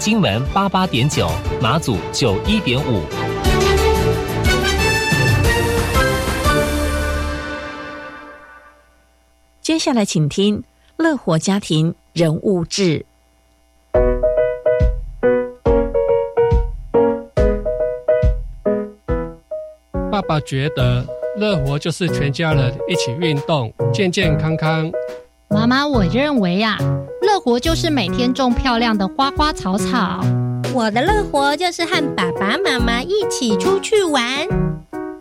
金門八八點九，9, 馬祖九一點五。接下來，請聽《樂活家庭人物誌》。爸爸覺得樂活就是全家人一起運動，健健康康。媽媽，我認為呀、啊，樂活就是每天種漂亮的花花草草。我的樂活就是和爸爸媽媽一起出去玩。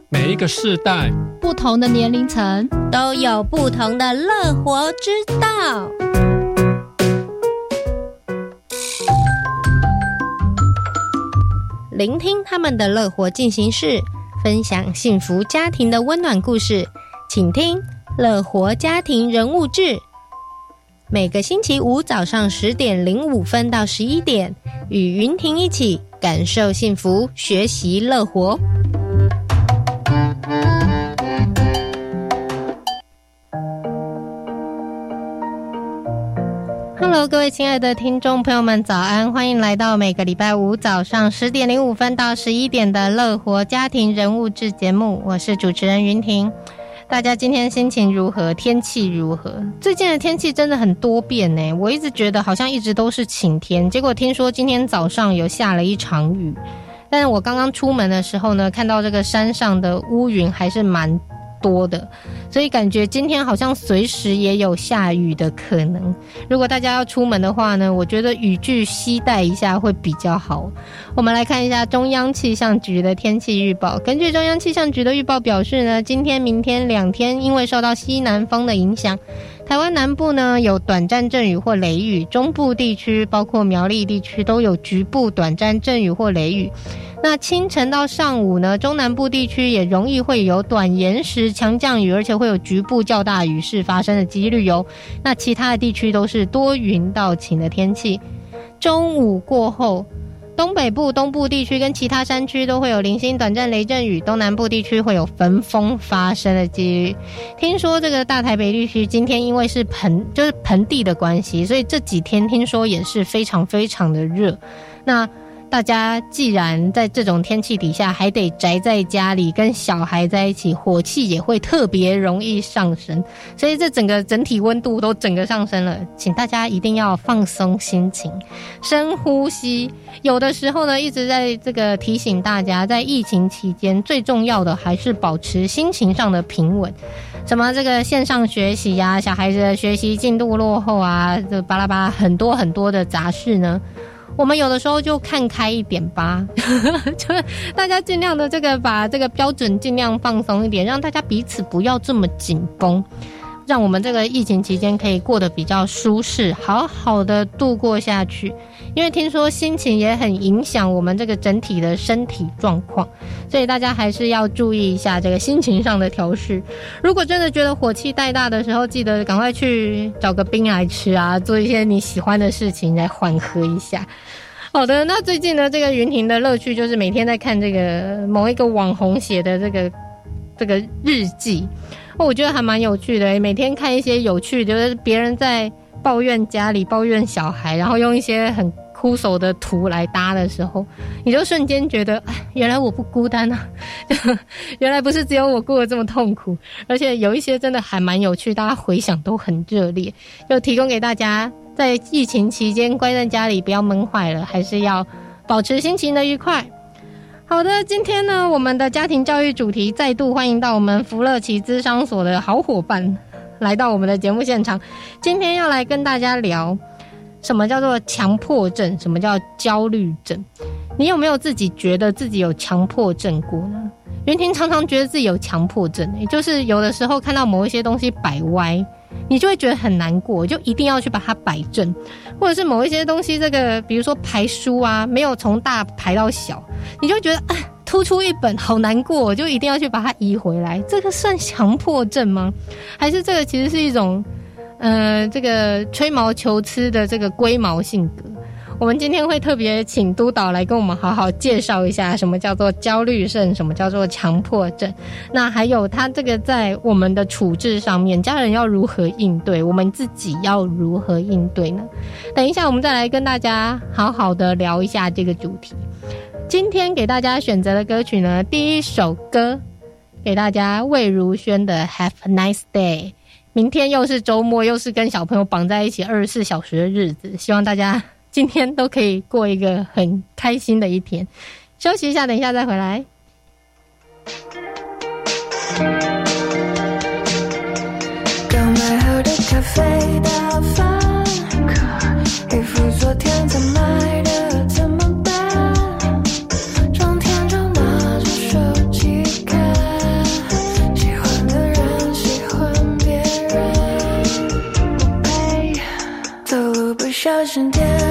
每一個世代、不同的年齡層都有不同的樂活之道。聆聽他們的樂活進行式，分享幸福家庭的溫暖故事，請聽《樂活家庭人物誌》。每個星期五早上十點零五分到十一點，與筠婷一起感受幸福，學習樂活。Hello，各位親愛的聽眾朋友們，早安！歡迎來到每個禮拜五早上十點零五分到十一點的樂活家庭人物誌節目，我是主持人筠婷。大家今天心情如何？天氣如何？最近的天氣真的很多變呢、欸。我一直覺得好像一直都是晴天，結果聽說今天早上有下了一場雨。但是我剛剛出門的時候呢，看到這個山上的烏雲還是蠻多的，所以感覺今天好像隨時也有下雨的可能。如果大家要出門的話呢，我覺得雨具攜帶一下會比較好。我們來看一下中央氣象局的天氣預報。根據中央氣象局的預報表示呢，今天、明天兩天因為受到西南風的影響，台灣南部呢有短暫陣雨或雷雨，中部地區包括苗栗地區都有局部短暫陣雨或雷雨。那清晨到上午呢，中南部地區也容易會有短延時強降雨，而且會有局部較大雨勢發生的幾率哦。那其他的地區都是多雲到晴的天氣。中午過後，東北部、東部地區跟其他山區都會有零星短暫雷陣雨，東南部地區會有焚風發生的幾率。聽說這個大台北地區今天因為是盆，就是盆地的關係，所以這幾天聽說也是非常非常的熱。那。大家既然在這種天氣底下還得宅在家裡跟小孩在一起，火氣也會特別容易上升，所以這整個整體溫度都整個上升了。請大家一定要放鬆心情，深呼吸。有的時候呢，一直在這個提醒大家，在疫情期間最重要的還是保持心情上的平穩。什麼這個線上學習呀、啊，小孩子的學習進度落後啊，這巴拉巴拉很多很多的雜事呢。我們有的時候就看開一點吧， 就是大家盡量的這個把這個標準盡量放鬆一點，讓大家彼此不要這麼緊繃。像我們這個疫情期間可以過得比較舒適，好好的度過下去。因為聽說心情也很影響我們這個整體的身體狀況，所以大家還是要注意一下這個心情上的調適。如果真的覺得火氣太大的時候，記得趕快去找個冰來吃啊，做一些你喜歡的事情來緩和一下。好的，那最近呢，這個筠婷的樂趣就是每天在看這個某一個網紅寫的這個這個日記。我覺得還蠻有趣的，每天看一些有趣，就是別人在抱怨家裡、抱怨小孩，然後用一些很枯燥的圖來搭的時候，你就瞬間覺得唉，原來我不孤單啊！就原來不是只有我過得這麼痛苦，而且有一些真的還蠻有趣，大家回響都很熱烈。就提供給大家，在疫情期間關在家裡，不要悶壞了，還是要保持心情的愉快。好的，今天呢，我們的家庭教育主題再度歡迎到我們芙樂奇諮商所的好伙伴來到我們的節目現場。今天要來跟大家聊什麼叫做強迫症，什麼叫焦慮症？你有沒有自己覺得自己有強迫症過呢？筠婷常常覺得自己有強迫症，也就是有的時候看到某一些東西擺歪，你就會覺得很難過，就一定要去把它擺正。或者是某一些東西，這個比如說排書啊，沒有從大排到小，你就會覺得啊，突出一本好難過，我就一定要去把它移回來。這個算強迫症嗎？還是這個其實是一種，呃，這個吹毛求疵的這個龜毛性格？我們今天會特別請督導來跟我們好好介紹一下什麼叫做焦慮症，什麼叫做強迫症，那還有他這個在我們的處置上面，家人要如何應對，我們自己要如何應對呢？等一下我們再來跟大家好好的聊一下這個主題。今天給大家選擇的歌曲呢，第一首歌給大家魏如萱的《Have a Nice Day》。明天又是周末，又是跟小朋友綁在一起二十四小時的日子，希望大家。今天都可以過一個很開心的一天，休息一下，等一下再回來。剛買好的咖啡打翻，衣服昨天才買的怎麼辦？整天就拿着手機看，喜歡的人喜歡別人，不走路不小心跌。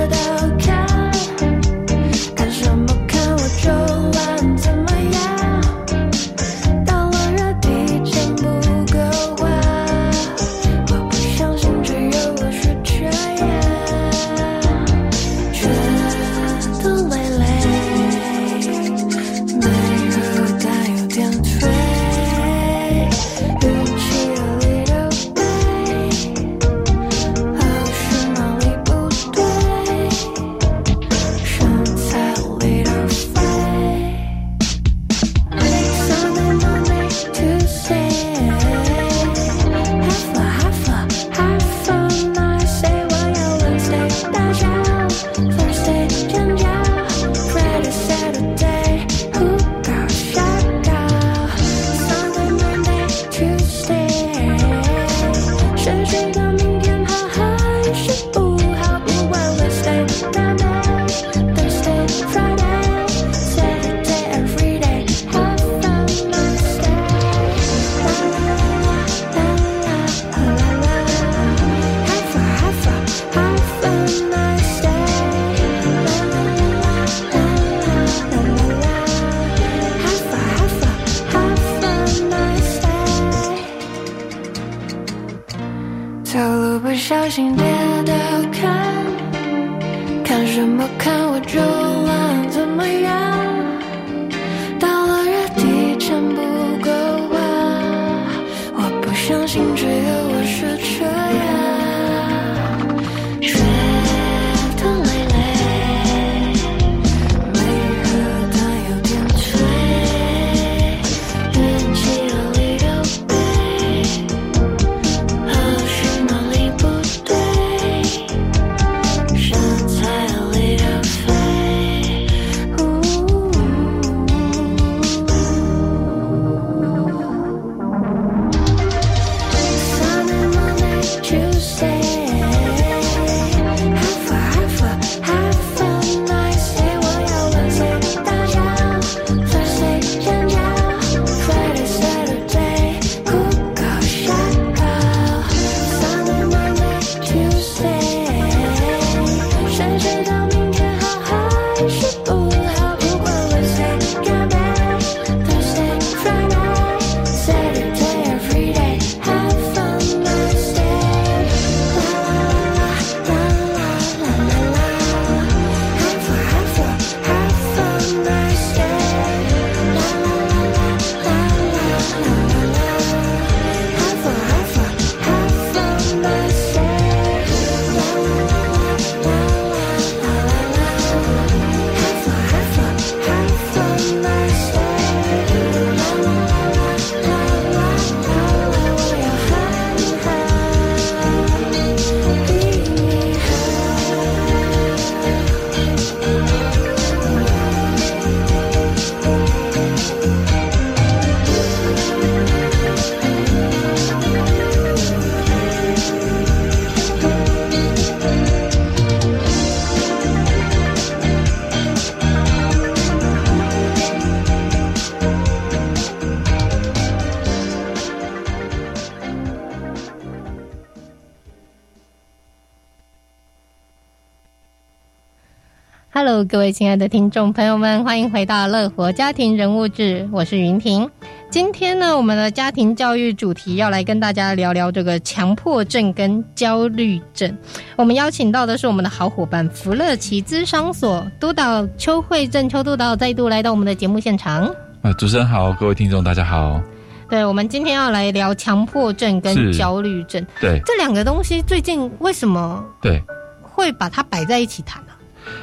各位親愛的聽眾朋友們，歡迎回到《樂活家庭人物誌》，我是筠婷。今天呢，我們的家庭教育主題要來跟大家聊聊這個強迫症跟焦慮症。我們邀請到的是我們的好夥伴芙樂奇諮商所督導邱惠振邱督導，再度來到我們的節目現場。啊、呃，主持人好，各位聽眾大家好。對，我們今天要來聊強迫症跟焦慮症，對這兩個東西最近為什麼對會把它擺在一起談呢、啊？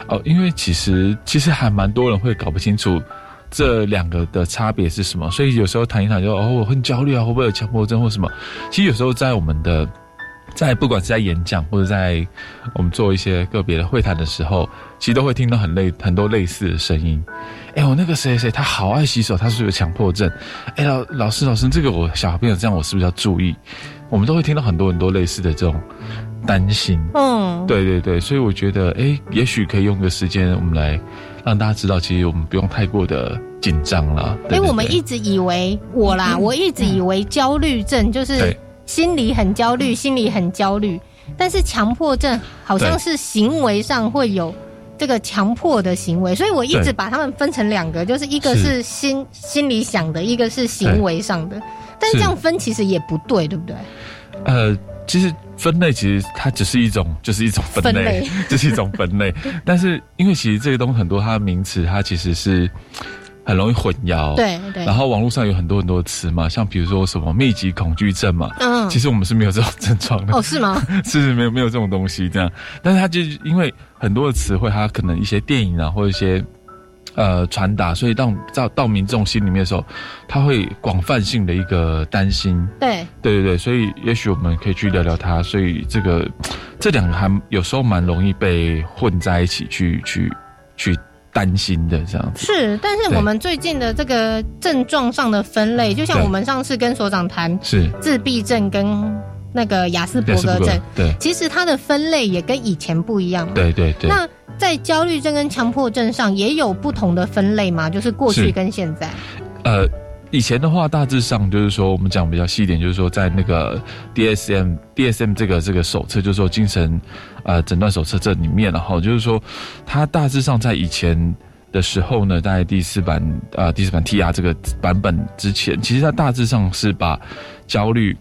哦，因為其實其實還蠻多人會搞不清楚這兩個的差別是什麼，所以有時候談一談就哦，我很焦慮啊，會不會有強迫症或什麼？其實有時候在我們的在不管是在演講或者在我們做一些個別的會談的時候，其實都會聽到很類很多類似的聲音。哎，我那個誰誰他好愛洗手，他是有強迫症。哎，老老師老師，這個我小朋友這樣，我是不是要注意？我們都會聽到很多很多類似的這種。擔心，嗯，對對對，所以我覺得，哎、欸，也許可以用個時間，我們來讓大家知道，其實我們不用太過的緊張啦。哎、欸，我們一直以為我啦，嗯、我一直以為焦慮症就是心裡很焦慮，對心裡很焦慮對。但是強迫症好像是行為上會有這個強迫的行為，所以我一直把他們分成兩個，對就是一個是心是心裡想的，一個是行為上的。對但是這樣分其實也不對，對不對？呃。其實分類其實它只是一種，就是一種分類，這類是一種分類。但是因為其實這個東西很多，它的名詞它其實是很容易混淆。對對。對，然後網絡上有很多很多詞嘛，像比如說什麼密集恐懼症嘛，嗯，其實我們是沒有這種症狀的。哦，是嗎？是沒有沒有這種東西這樣。但是它就是因為很多的詞彙，它可能一些電影啊，或者一些。呃，傳達，所以到到到民眾心裡面的時候，他會廣泛性的一個擔心。對對對對，所以也許我們可以去聊聊他。所以這個這兩個還有時候蠻容易被混在一起去去去擔心的這樣子。是，但是我們最近的這個症狀上的分類，對就像我們上次跟所長談，是自閉症跟那個亞斯伯格症，格對，其實他的分類也跟以前不一樣。對，對對對。那。在焦慮症跟強迫症上也有不同的分類嗎？就是過去跟現在。呃，以前的話大致上就是說，我們講比較細一點就是說在那個 DSM DSM 這個這個手冊，就是說精神呃診斷手冊這裡面，然後就是說它大致上在以前的時候呢，在第四版呃第四版 TR 這個版本之前，其實它大致上是把焦慮。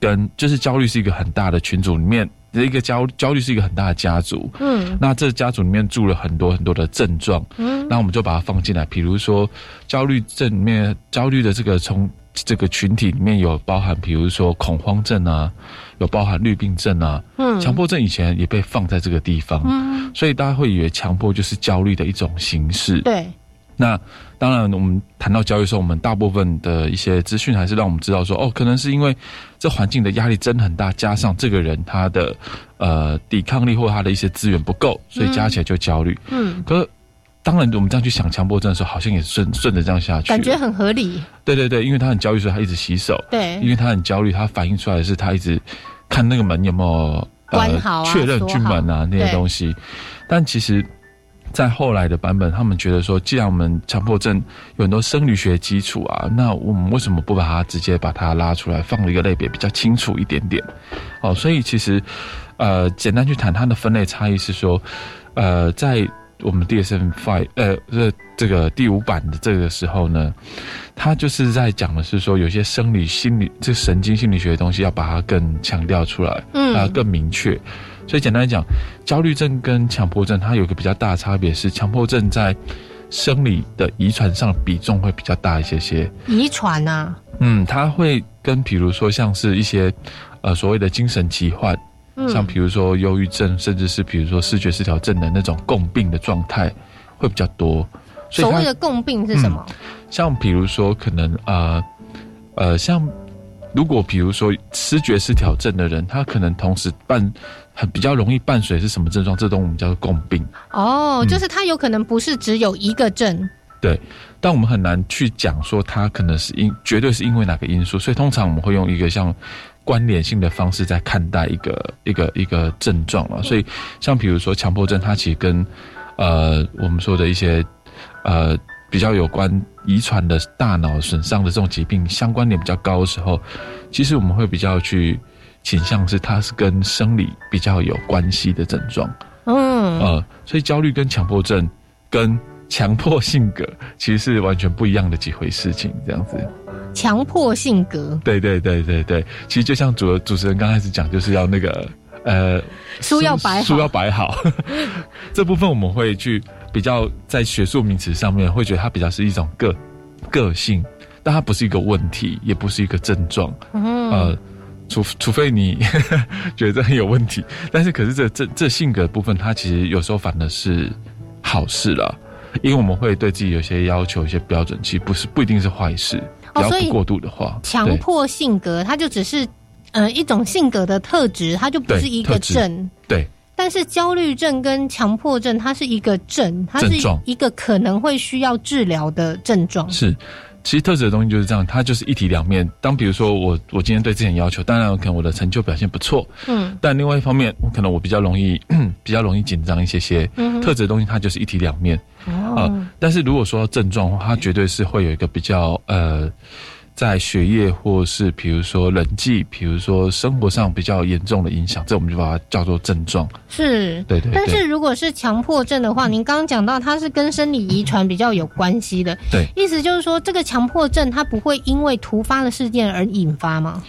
跟就是焦慮是一個很大的群組裡面的一個焦，焦慮是一個很大的家族，嗯，那這個家族裡面住了很多很多的症狀，嗯，那我們就把它放進來，比如說焦慮症裡面焦慮的這個從這個群體裡面有包含，比如說恐慌症啊，有包含慮病症啊，嗯，強迫症以前也被放在這個地方，嗯，所以大家會以為強迫就是焦慮的一種形式，嗯嗯、對。那當然，我們談到焦慮的時候，我們大部分的一些資訊還是讓我們知道說，哦，可能是因為這環境的壓力真的很大，加上這個人他的呃抵抗力，或他的一些資源不夠，所以加起來就焦慮，嗯。嗯。可是當然，我們這樣去想強迫症的時候，好像也順順着這樣下去，感覺很合理。對對對，因為他很焦慮，所以他一直洗手。對。因為他很焦慮，他反映出來的是他一直看那個門有沒有、呃、關好、啊、確認進好門啊那些東西。對但其實。在後來的版本，他們覺得說，既然我們強迫症有很多生理學基礎啊，那我們為什麼不把它直接把它拉出來，放了一個類別，比較清楚一點點？哦，所以其實，呃，簡單去談它的分類差異是說，呃，在我們 DSM5、呃，這這個第五版的這個時候呢，它就是在講的是說，有些生理、心理，這個、神經心理學的東西，要把它更強調出來，把它、嗯呃、更明確。所以簡單來講，焦慮症跟強迫症，它有一個比較大的差別是，強迫症在生理的遺傳上比重會比較大一些些。遺傳啊？嗯，它會跟比如說像是一些呃所謂的精神疾患，嗯、像比如說憂鬱症，甚至是比如說思覺失調症的那種共病的狀態會比較多。所謂的共病是什麼？嗯、像比如說可能啊呃、呃，像如果比如說思覺失調症的人，他可能同時伴很比較容易伴隨是什麼症狀，這東西我們叫做共病。哦、oh, 嗯,就是它有可能不是只有一個症。對，但我們很難去講說它可能是因，絕對是因為哪個因素。所以通常我們會用一個像關聯性的方式在看待一個一個一個症狀了。對所以像比如說強迫症，它其實跟呃我們說的一些呃比較有關遺傳的大腦損傷的這種疾病相關聯比較高的時候，其實我們會比較去。傾向是，它是跟生理比較有關係的症狀。嗯，呃，所以焦慮跟強迫症跟強迫性格其實是完全不一樣的幾回事情，這樣子。強迫性格，對對對對對，其實就像主主持人剛開始講，就是要那個呃，書要擺好，書要擺好。 這部分我們會去比較在學術名詞上面，會覺得它比較是一種個個性，但它不是一個問題，也不是一個症狀。嗯，呃。除除非你呵呵覺得這很有問題，但是可是這這這性格部分，它其實有時候反而是好事啦，因為我們會對自己有些要求、一些標準，其實不是不一定是壞事。哦，所以不過度的話，強迫性格，對，它就只是呃一種性格的特質，它就不是一個症。對，對但是焦慮症跟強迫症它是一個症，它是一個可能會需要治療的症狀。是。其實特質的東西就是這樣，它就是一體兩面。當比如說我，我今天對自己要求，當然可能我的成就表現不錯，嗯，但另外一方面，可能我比較容易，比較容易緊張一些些。特質的東西它就是一體兩面啊，嗯，呃。但是如果說症狀的話，它絕對是會有一個比較呃。在學業或是比如說人際，比如說生活上比較嚴重的影響，這我們就把它叫做症狀。是，對，對對。但是如果是強迫症的話，嗯、您剛剛講到它是跟生理遺傳比較有關係的。對。意思就是說，這個強迫症它不會因為突發的事件而引發嗎？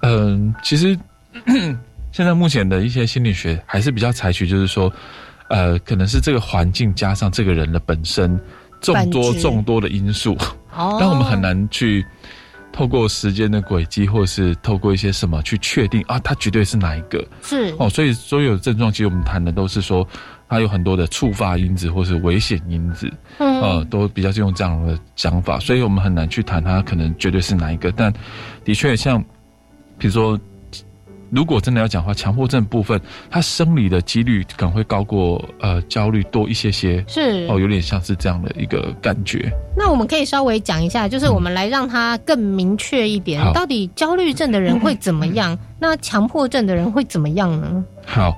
嗯、呃，其實現在目前的一些心理學還是比較採取，就是說，呃，可能是這個環境加上這個人的本身眾多眾多的因素，哦、但我們很難去。透過時間的軌跡，或者是透過一些什麼去確定啊，它絕對是哪一個？是哦，所以所有的症狀，其實我們談的都是說，它有很多的觸發因子，或是危險因子，嗯、啊，都比較是用這樣的想法，所以我們很難去談它可能絕對是哪一個，但的確像，比如說。如果真的要講的話，強迫症部分，它生理的幾率可能會高過呃焦慮多一些些，是哦，有點像是這樣的一個感覺。那我們可以稍微講一下，就是我們來讓它更明確一點，嗯、到底焦慮症的人會怎麼樣？嗯、那強迫症的人會怎麼樣呢？好，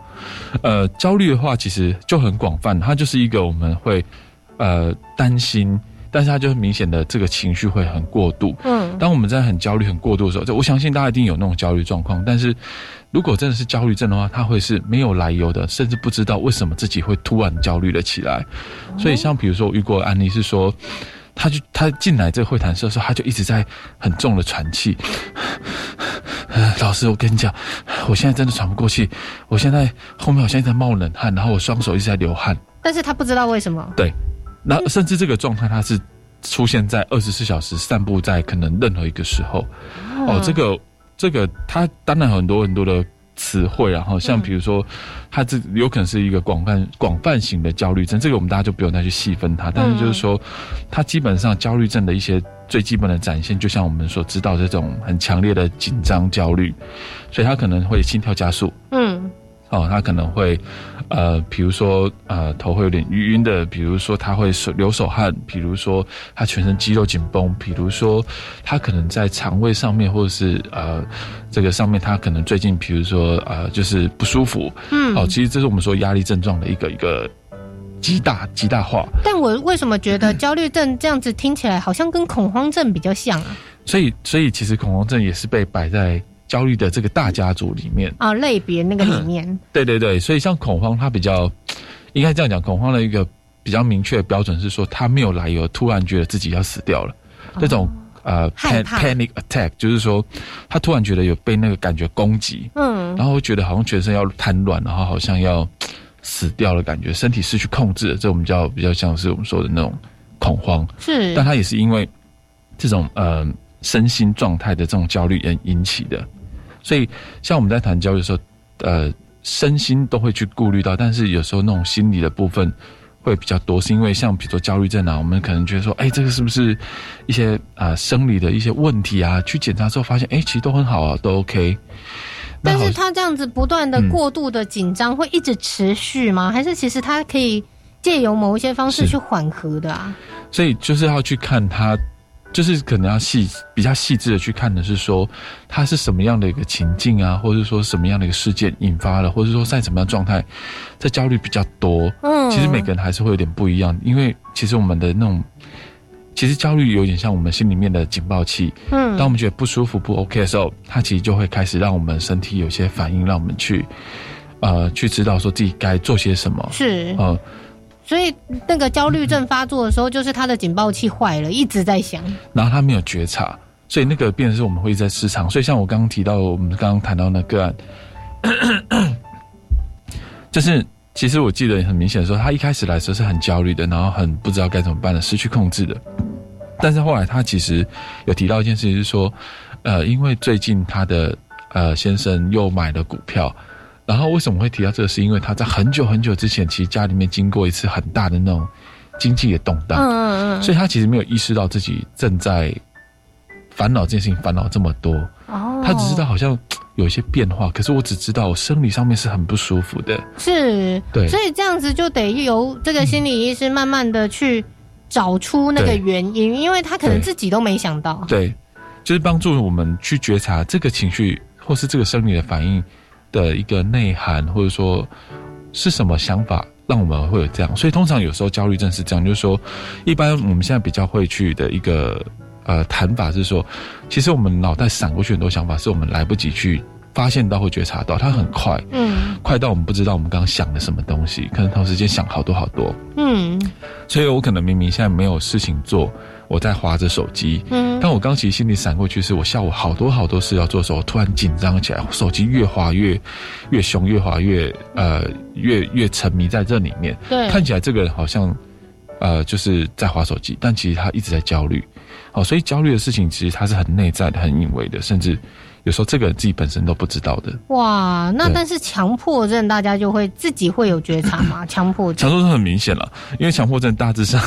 呃，焦慮的話其實就很廣泛，它就是一個我們會呃擔心。但是他就會明顯的這個情緒會很過度。嗯。當我們在很焦慮、很過度的時候，就我相信大家一定有那種焦慮狀況。但是如果真的是焦慮症的話，他會是沒有來由的，甚至不知道為什麼自己會突然焦慮了起來。所以像比如說我遇過案例是說，他就他進來這個會談室的時候，他就一直在很重的喘氣。老師，我跟你講，我現在真的喘不過氣，我現在後面好像在冒冷汗，然後我雙手一直在流汗。但是他不知道為什麼。對。那甚至這個狀態，它是出現在二十四小時，散佈在可能任何一個時候。嗯、哦，這個這個，它當然有很多很多的詞彙，然後像比如說，它這有可能是一個廣泛廣泛型的焦慮症，這個我們大家就不用再去細分它。但是就是說，它基本上焦慮症的一些最基本的展現，就像我們所知道這種很強烈的緊張焦慮，所以它可能會心跳加速。嗯，哦，它可能會。呃，比如說，呃，頭會有點暈暈的，比如說，他會手流手汗，比如說，他全身肌肉緊繃，比如說，他可能在腸胃上面，或者是，呃，這個上面，他可能最近，比如說，呃，就是不舒服。嗯，好、哦，其實這是我們說壓力症狀的一個一個極大極大化。但我為什麼覺得焦慮症這樣子聽起來好像跟恐慌症比較像啊、嗯？所以，所以其實恐慌症也是被擺在。焦慮的這個大家族裡面啊、哦，類別那個裡面 ，對對對，所以像恐慌，它比較應該這樣講，恐慌的一個比較明確的標準是說，他沒有來由，突然覺得自己要死掉了，哦、這種呃怕，panic attack，就是說他突然覺得有被那個感覺攻擊，嗯，然後覺得好像全身要癱軟，然後好像要死掉的感覺，身體失去控制了，這我們叫比較像是我們說的那種恐慌，是，但他也是因為這種呃身心狀態的這種焦慮而引起的。所以，像我們在談焦慮的時候，呃，身心都會去顧慮到，但是有時候那種心理的部分會比較多，是因為像比如說焦慮症啊，我們可能覺得說，哎、欸，這個是不是一些啊、呃、生理的一些問題啊？去檢查之後發現，哎、欸，其實都很好啊，都 OK。但是他這樣子不斷的過度的緊張，嗯、會一直持續嗎？還是其實他可以借由某一些方式去緩和的啊？所以就是要去看他。就是可能要細比較細緻的去看的是說，它是什麼樣的一個情境啊，或者說什麼樣的一個事件引發了，或者說在什麼樣狀態，這焦慮比較多。嗯，其實每個人還是會有點不一樣，因為其實我們的那種，其實焦慮有點像我們心裡面的警報器。嗯，當我們覺得不舒服，不 OK 的時候，它其實就會開始讓我們身體有些反應，讓我們去呃去知道說自己該做些什麼。是嗯。呃所以那個焦慮症發作的時候，就是他的警報器壞了，一直在響，然後他沒有覺察，所以那個變成是我們會在失常，所以像我剛剛提到，我們剛剛談到那個案， 就是其實我記得很明顯說，他一開始來的時候是很焦慮的，然後很不知道該怎麼辦的，失去控制的。但是後來他其實有提到一件事情，是說，呃，因為最近他的呃先生又買了股票。然後為什麼會提到這個？是因為他在很久很久之前，其實家裡面經過一次很大的那種經濟的動盪，嗯嗯嗯，所以他其實沒有意識到自己正在煩惱這件事情，煩惱這麼多。哦，他只知道好像有一些變化，可是我只知道我生理上面是很不舒服的。是，對，所以這樣子就得由這個心理醫師慢慢的去找出那個原因，嗯、因為他可能自己都沒想到。對，就是幫助我們去覺察這個情緒或是這個生理的反應。的一個內涵，或者說是什麼想法，讓我們會有這樣。所以通常有時候焦慮症是這樣，就是說，一般我們現在比較會去的一個呃談法是說，其實我們腦袋閃過去很多想法，是我們來不及去發現到或覺察到，它很快，嗯，快到我們不知道我們剛剛想了什麼東西，可能同時間想好多好多，嗯，所以我可能明明現在沒有事情做。我在滑着手機，嗯，但我剛其實心裡閃過去是，我下午好多好多事要做的時候突然緊張起來，手機越滑越，越兇，越滑越，呃，越越沉迷在這裡面，對，看起來這個人好像，呃，就是在滑手機，但其實他一直在焦慮，好、哦、所以焦慮的事情其實他是很內在的、很隱微的，甚至。有時候這個人自己本身都不知道的哇，那但是強迫症對大家就會自己會有覺察嗎？強 迫強症迫症很明顯了，因為強迫症大致上，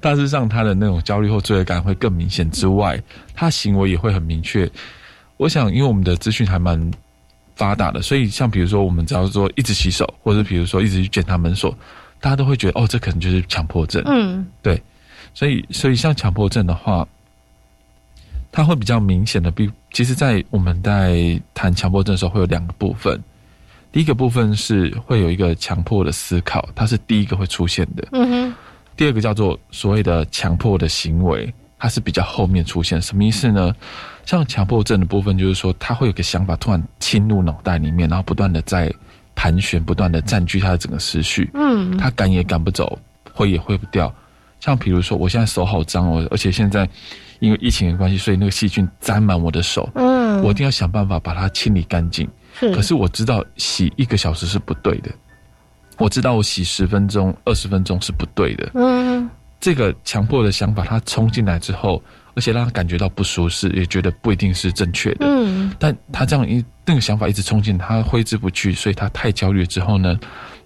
大致上他的那種焦慮或罪惡感會更明顯之外，他、嗯、行為也會很明確。我想，因為我們的資訊還蠻發達的，所以像比如說我們只要說一直洗手，或者比如說一直去檢查門鎖，大家都會覺得哦，這可能就是強迫症。嗯，對，所以所以像強迫症的話。它會比較明顯的，比其實，在我們在談強迫症的時候，會有兩個部分。第一個部分是會有一個強迫的思考，它是第一個會出現的。嗯哼。第二個叫做所謂的強迫的行為，它是比較後面出現的。什麼意思呢？嗯。像強迫症的部分，就是說他會有個想法突然侵入腦袋裡面，然後不斷的在盤旋，不斷的占據他的整個思緒。嗯。他趕也趕不走，揮也揮不掉。像比如說，我現在手好髒哦，而且現在。因為疫情的關係，所以那個細菌沾滿我的手，嗯，我一定要想辦法把它清理乾淨。是。可是我知道洗一個小時是不對的，我知道我洗十分鐘、二十分鐘是不對的，嗯，這個強迫的想法他衝進來之後，而且讓他感覺到不舒適，也覺得不一定是正確的，嗯，但他這樣一那個想法一直衝進他揮之不去，所以他太焦慮之後呢，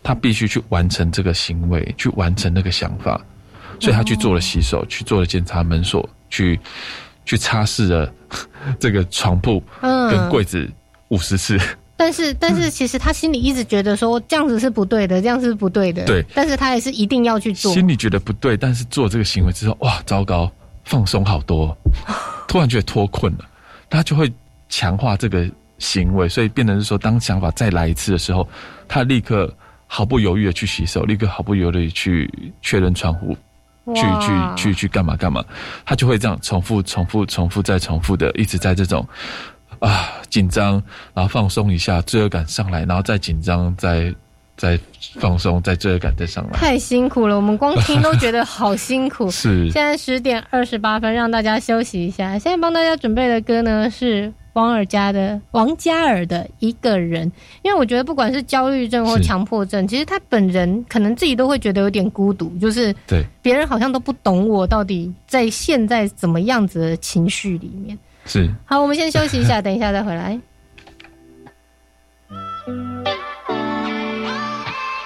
他必須去完成這個行為，去完成那個想法，所以他去做了洗手，後去做了檢查門鎖。去去擦拭了這個床鋪跟櫃子五十次。嗯，但是但是其實他心裡一直覺得說這樣子是不對的，嗯，這樣是不對的。對，但是他也是一定要去做。心裡覺得不對，但是做這個行為之後，哇，糟糕，放鬆好多，突然覺得脫困了，他就會強化這個行為，所以變成是說，當想法再來一次的時候，他立刻毫不猶豫的去洗手，立刻毫不猶豫的去確認窗戶。去去去去幹嘛幹嘛，他就會這樣重複重複重複再重複的一直在這種啊緊張，然後放鬆一下，罪惡感上來，然後再緊張，再再放鬆，再罪惡感再上來。太辛苦了，我們光聽都覺得好辛苦。 是，現在十點二十八分，讓大家休息一下。現在幫大家準備的歌呢是，王爾加的王嘉爾的一個人，因為我覺得不管是焦慮症或強迫症，是其實他本人可能自己都會覺得有點孤獨，就是對別人好像都不懂我到底在現在怎麼樣子的情緒裡面。是，好，我們先休息一下， 等一下再回來。聽過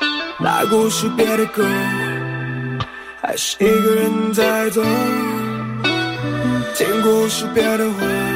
無數遍的歌，還是一個人在走，見過無數遍的花。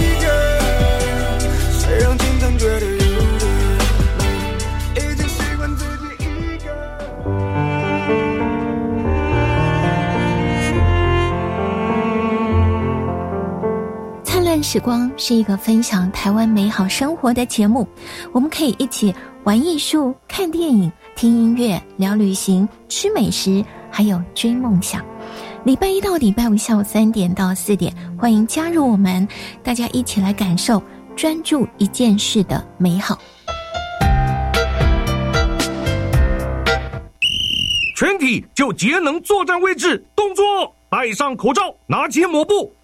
時光是一個分享台灣美好生活的節目，我們可以一起玩藝術、看電影、聽音樂、聊旅行、吃美食，還有追夢想。禮拜一到禮拜五下午三點到四點，歡迎加入我們，大家一起來感受專注一件事的美好。全體就節能作戰位置，動作，戴上口罩，拿起抹布。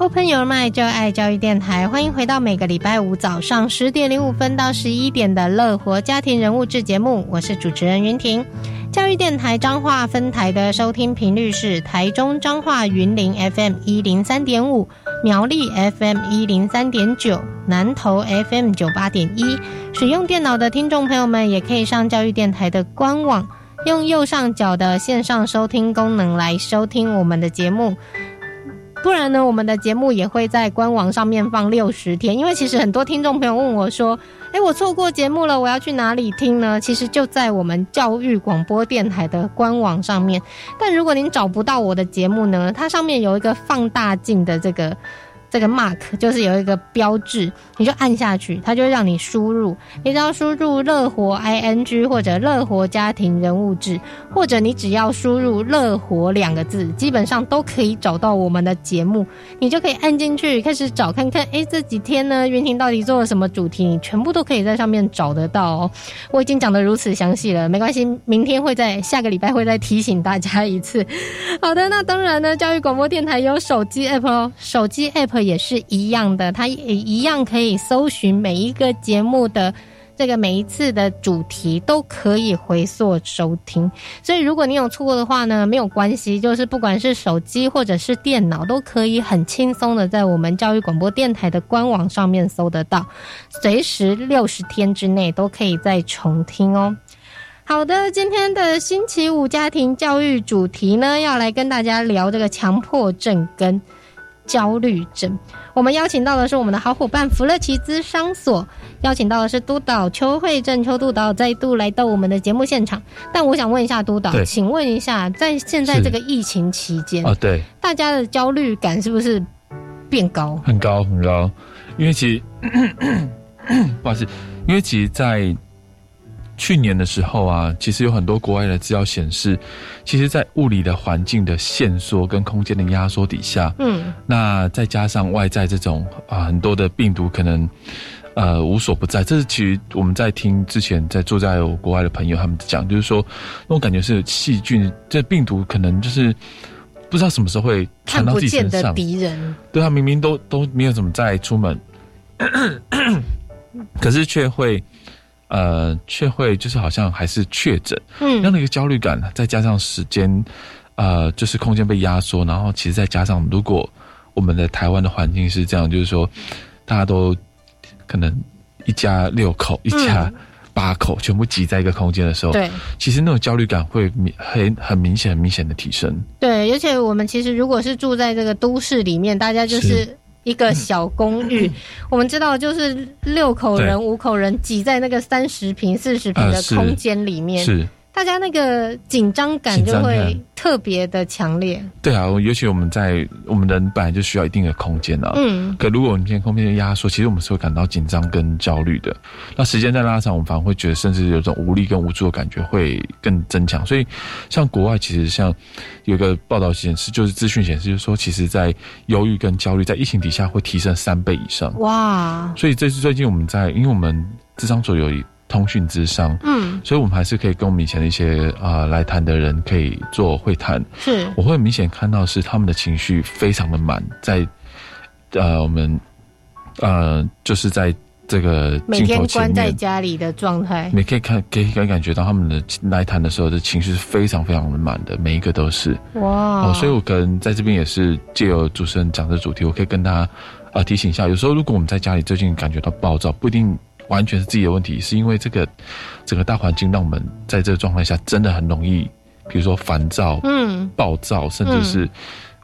Open your mind，就愛教育電台，歡迎回到每個禮拜五早上十點零五分到十一點的《樂活家庭人物誌》節目。我是主持人筠婷。教育電台彰化分台的收聽頻率是台中彰化雲林 FM 一零三點五、苗栗 FM 一零三點九、南投 FM 九八點一。使用電腦的聽眾朋友們，也可以上教育電台的官網，用右上角的線上收聽功能來收聽我們的節目。不然呢，我們的節目也會在官網上面放六十天，因為其實很多聽眾朋友問我說：“誒，我錯過節目了，我要去哪裡聽呢？”其實就在我們教育廣播電台的官網上面。但如果您找不到我的節目呢，它上面有一個放大鏡的這個。這個 mark 就是有一個標誌，你就按下去，它就會讓你輸入。你只要輸入“樂活 ”ING 或者“樂活家庭人物誌”，或者你只要輸入“樂活”兩個字，基本上都可以找到我們的節目。你就可以按進去開始找，看看哎，這幾天呢，筠婷到底做了什麼主題？你全部都可以在上面找得到哦。我已經講得如此詳細了，沒關係，明天會在下個禮拜會再提醒大家一次。好的，那當然呢，教育廣播電台有手機 app 哦，手機 app。也是一樣的，它也一樣可以搜尋每一個節目的這個每一次的主題，都可以回溯收聽。所以如果你有錯過的話呢，沒有關係，就是不管是手機或者是電腦，都可以很輕鬆的在我們教育廣播電台的官網上面搜得到，隨時六十天之內都可以再重聽哦。好的，今天的星期五家庭教育主題呢，要來跟大家聊這個強迫症跟。焦慮症，我們邀請到的是我們的好夥伴芙樂奇諮商所，邀請到的是督導邱惠振邱督導，再度來到我們的節目現場。但我想問一下督導，對請問一下，在現在這個疫情期間，哦，對大家的焦慮感是不是變高？很高很高，因為其實，咳咳不好意思，因為其實在。去年的時候啊，其實有很多國外的資料顯示，其實，在物理的環境的限縮跟空間的壓縮底下，嗯，那再加上外在這種啊，很多的病毒可能呃無所不在。這是其實我們在聽之前，在住在國外的朋友他們講，就是說那種感覺是細菌，這病毒可能就是不知道什麼時候會傳到自己身上，看不見的敵人。對他明明都都沒有怎麼在出門， 可是卻會。呃，卻會就是好像還是確診，嗯，讓那個焦慮感，再加上時間，呃，就是空間被壓縮，然後其實再加上如果我們的台灣的環境是這樣，就是說大家都可能一家六口、嗯、一家八口全部擠在一個空間的時候，對，其實那種焦慮感會明很很明顯、很明顯的提升。對，而且我們其實如果是住在這個都市裡面，大家就是，是。一個小公寓，嗯、我們知道就是六口人，對五口人擠在那個三十平、四十平的空間裡面。呃、是。是大家那個緊張感就會特別的強烈。對啊，尤其我們在我們人本來就需要一定的空間啊。嗯。可如果我們今天空間壓縮，其實我們是會感到緊張跟焦慮的。那時間再拉長，我們反而會覺得甚至有種無力跟無助的感覺會更增強。所以，像國外其實像有個報道顯示，就是資訊顯示，就是說，其實，在憂鬱跟焦慮在疫情底下會提升三倍以上。哇！所以這是最近我們在，因為我們諮商左右，通訊之上，嗯，所以我們還是可以跟我們以前的一些啊、呃、來談的人可以做會談。是，我會明顯看到是他們的情緒非常的滿，在呃我們呃就是在這個鏡頭前每天關在家裡的狀態，你可以看，可以感感覺到他們的來談的時候的情緒是非常非常的滿的，每一個都是哇哦、呃，所以我跟在這邊也是借由主持人講的主題，我可以跟大家啊、呃、提醒一下，有時候如果我們在家裡最近感覺到暴躁，不一定。完全是自己的問題，是因為這個整個大環境讓我們在這個狀況下真的很容易，比如說煩躁、嗯、暴躁，甚至是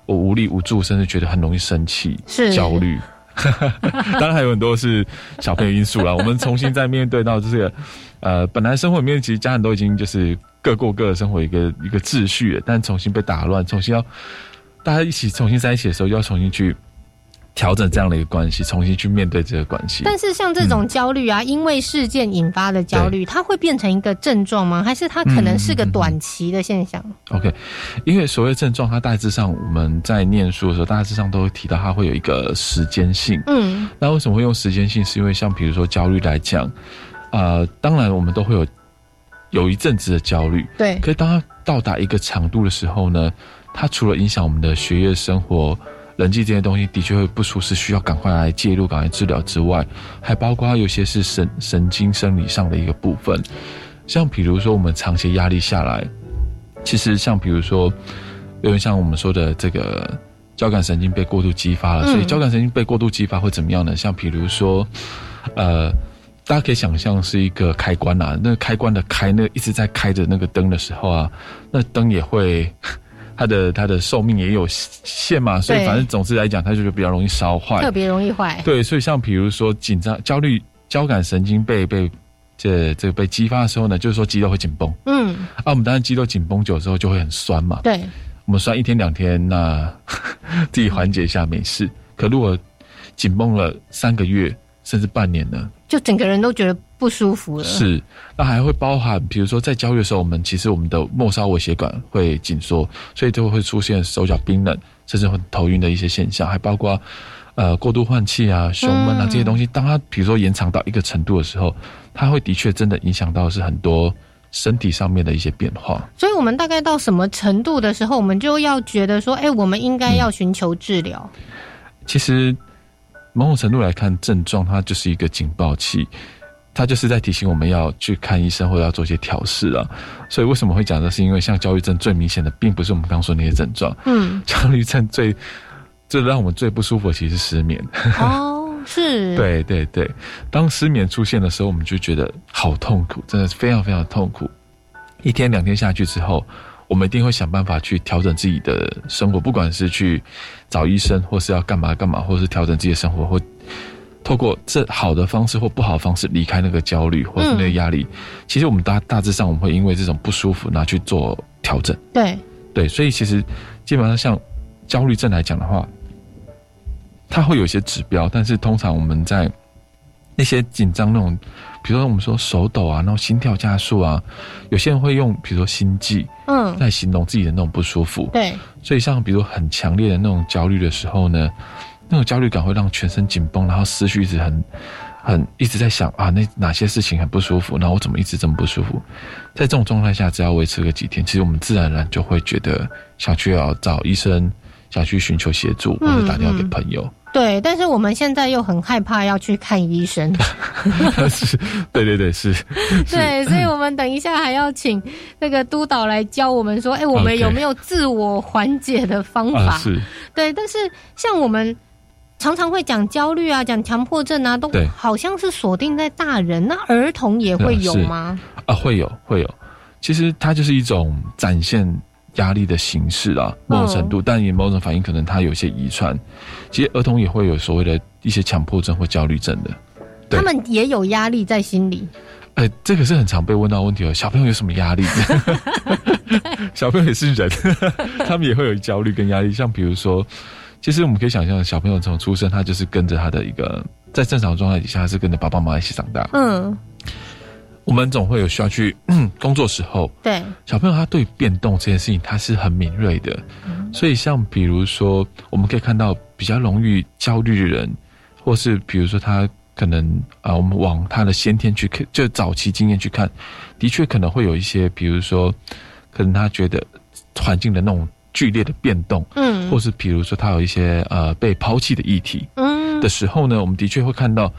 我無力無助，甚至覺得很容易生氣、是焦慮慮。 當然還有很多是小朋友因素啦。 我們重新再面對到這個，呃，本來生活裡面其實家人都已經就是各過各的生活，一個一個秩序了，但重新被打亂，重新要大家一起重新在一起的時候，就要重新去。調整這樣的一個關係，重新去面對這個關係。但是像這種焦慮啊，嗯、因為事件引發的焦慮，對它會變成一個症狀嗎？還是它可能是個短期的現象？嗯嗯嗯嗯。OK，因為所謂的症狀，它大致上我們在念書的時候，大致上都會提到，它會有一個時間性。嗯，那為什麼會用時間性？是因為像比如說焦慮來講，呃，當然我們都會有有一陣子的焦慮。對。可是當它到達一個長度的時候呢，它除了影響我們的學業生活。人際這些東西的確會不舒適，需要趕快來介入，趕快治療之外，還包括有些是神神經生理上的一個部分，像比如說我們長期壓力下來，其實像比如說，有點像我們說的這個交感神經被過度激發了，所以交感神經被過度激發會怎麼樣呢？嗯、像比如說，呃，大家可以想象是一個開關吶，啊，那開關的開，那個，一直在開着那個燈的時候啊，那燈也會。它的它的壽命也有限嘛，對所以反正總之來講，它就是比較容易燒壞，特別容易壞。對，所以像比如說緊張、焦慮、交感神經被被這這個、被激發的時候呢，就是說肌肉會緊繃。嗯，啊，我們當然肌肉緊繃久之後就會很酸嘛。對，我們酸一天兩天，那，呵呵自己緩解一下沒事，嗯、可如果緊繃了三個月，甚至半年呢？就整個人都覺得不舒服了。是，那還會包含，比如說在焦慮的時候，我們其實我們的末梢微血管會緊縮，所以就會出現手腳冰冷，甚至會頭暈的一些現象，還包括呃過度換氣啊、胸悶啊這些東西。當它比如說延長到一個程度的時候，它會的確真的影響到是很多身體上面的一些變化。所以我們大概到什麼程度的時候，我們就要覺得說，哎、欸，我們應該要尋求治療、嗯。其實。某種程度來看，症狀它就是一個警報器，它就是在提醒我們要去看醫生或者要做一些調試啊。所以為什麼會講，這是因為像焦慮症最明顯的，並不是我們剛說那些症狀。嗯，焦慮症最最讓我們最不舒服的其實是失眠。 哦，是。對對對，當失眠出現的時候，我們就覺得好痛苦，真的是非常非常痛苦。一天兩天下去之後。我們一定會想辦法去調整自己的生活，不管是去找醫生，或是要幹嘛幹嘛，或是調整自己的生活，或透過這好的方式或不好的方式離開那個焦慮或者是那個壓力。嗯、其實我們大大致上我們會因為這種不舒服拿去做調整。對對，所以其實基本上像焦慮症來講的話，它會有一些指標，但是通常我們在。那些緊張那種，比如說我們說手抖啊，然後心跳加速啊，有些人會用比如說心悸，嗯，在形容自己的那種不舒服。嗯、對，所以像比如說很強烈的那種焦慮的時候呢，那種焦慮感會讓全身緊繃，然後思緒一直很、很一直在想啊，那哪些事情很不舒服？然後我怎麼一直這麼不舒服？在這種狀態下，只要維持個幾天，其實我們自然而然就會覺得想去要找醫生，想去尋求協助，或者打電話給朋友。嗯嗯對，但是我們現在又很害怕要去看醫生。 是，對對對，是。對，是所以我們等一下還要請那個督導來教我們說，哎 Okay.，我們有沒有自我緩解的方法？啊、是。對，但是像我們常常會講焦慮啊，講強迫症啊，都好像是鎖定在大人，對那兒童也會有嗎？啊，啊，會有，會有。其實它就是一種展現壓力的形式啊，某種程度，但也某種反應，可能他有些遺傳。其實兒童也會有所謂的一些強迫症或焦慮症的他們也有壓力在心裡。哎、欸，這個是很常被問到的問題哦。小朋友有什麼壓力？ 對小朋友也是人，他們也會有焦慮跟壓力。像比如說，其實我們可以想象，小朋友從出生，他就是跟着他的一個，在正常狀態底下，是跟着爸爸媽媽一起長大。嗯。我們總會有需要去工作時候，對小朋友，他對變動這件事情他是很敏銳的，嗯、所以像比如說，我們可以看到比較容易焦慮的人，或是比如說他可能啊、呃，我們往他的先天去看，就早期經驗去看，的確可能會有一些，比如說，可能他覺得環境的那種劇烈的變動，嗯，或是比如說他有一些呃被拋棄的議題，嗯的時候呢，嗯、我們的確會看到，